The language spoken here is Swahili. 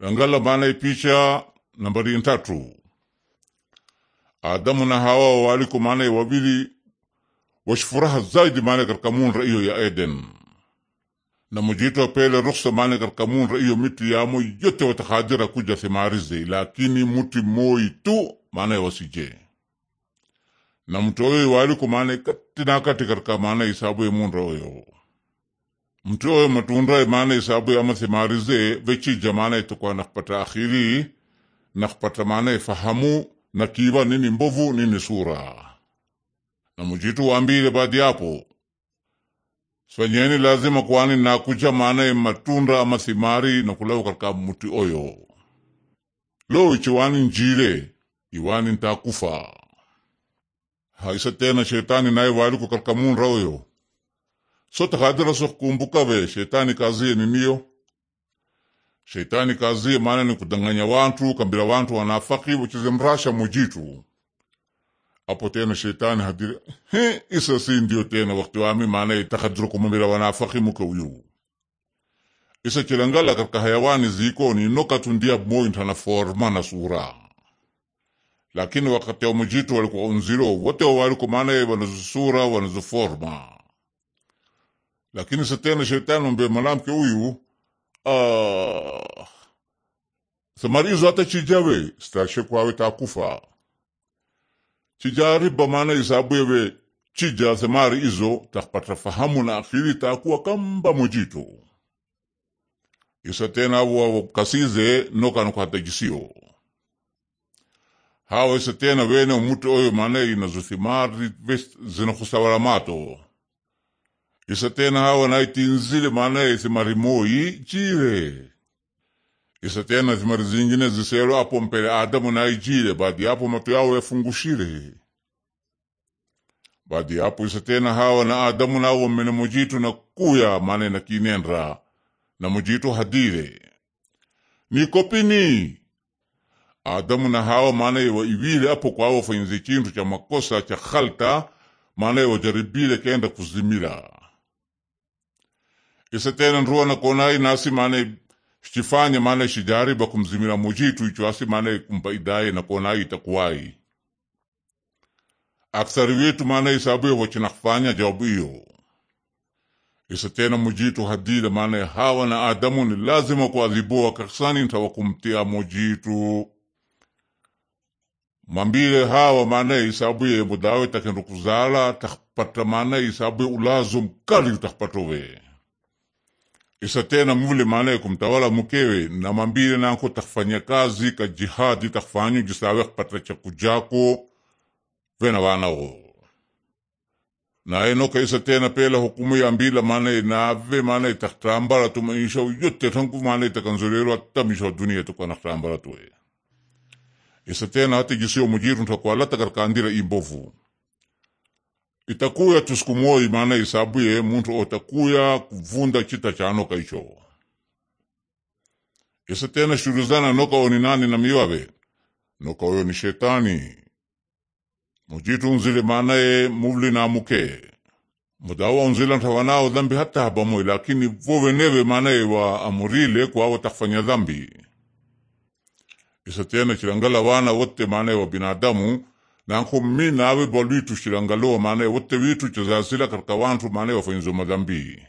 Angala maana picha nambari ntatu Adamu na Hawa waliko maana ya wawili washifuraha zaidi maana katika munra iyo ya Eden na mujito pele ruksa maana katika munra iyo miti yamo yote watakadira kuja semarize lakini muti moi tu maana wasije na mtu oyo waliko maana kati na kati katika maana isabu ya munra oyo mtioyo matunda imana isabu yamathimarize vechija mana itakuwa nakupata akhiri nakupata mana ifahamu na kiba nini mbovu nini sura na mujitu wambile baadi yapo sfanyeni lazima kwani nakuja maana matunda amathimari na nakulawo katika muti oyo lo ichiwani njile iwani ntakufa haisa tena shetani naye waliko katika munra oyo so takatela sokukumbuka ve shetani kaziye niniyo shetani kaziye maana ni kudanganya wantu kambira wantu wanafaki uchize mrasha mujitu apo tena shetani hadira he isa si ndio tena wakati wami maana itakadru kumambira wanafaki muke uyu isa chilangala katika hayawani ziko ni noka tundia moyo ntana forma na sura lakini wakati wa mujitu walikuwa unziro wote walikuwa maana wanazo sura wanazo lakini satani shetani ambe mwanamke huyu ah, samarizo hata chijawe kwawe takufa chijariba maana isabu yewe chija samari izo takpata fahamu na akili takuwa kamba mojito isatena wakasize nokanokhatajisiyo hawa isatena wene umutu oyo maana inazuthimarivest zinakhusawala mato isa tena hawa naitinzile maana ya isimarimoi chile isa tena zimari zingine ziselo apo mpele adamu naijile badi apo matu yao yafungushile badi apo isa tena hawa na adamu nawo mene mujitu na kuya maana na kinenra na mujitu hadile nikopini adamu na hawa maana wa iwile apo kwawo fanyize chintu cha makosa cha khalta maana wajaribile kenda kuzimila isetena nruwana konai nasi mane shifanye mane shijariba kumzimira mujitu icho asi mane kumpa idaye na konai itakuwai aksari wetu mane wachina kufanya jawabu iyo isetena mujitu hadida mane hawa na adamu ni lazima kuadhibuwa kaksani ntawakumtia mujitu mambile hawa mane isabu ya budawe kuzala takpata mane ya ulazo mkali utakpatowe isa tena mule maanaye kumtawala mukewe namambile nanko takfanya kazi ka jihadi takfanyu jisawe kpata chakujako vena vanao naenoka isa tena pela hukumu yambila maanaye nave maanaye taktambala tu maisha yote tangu maanaye takanzolero hata misha wa dunia tukanaktambala tuwe isa tena hata jisio mujiru ntakwala takarkandira imbovu itakuya tusukumoi maana isabuye muntu otakuya kuvunda chita chanoka icho isa tena shuruzana noka oni nani na miwabe noka oyo ni shetani mujitunzile maanaye muvuli muke mudawa unzila ntawanao dhambi hata habamoi lakini voweneve maanaye wa amurile kwawo takfanya dhambi isa tena chilangala wana wote maanaye wa binadamu nanko mmi nawe bwa lwitushilanga lowo wote witu zasila katika wantu manaye wafanyizo madhambi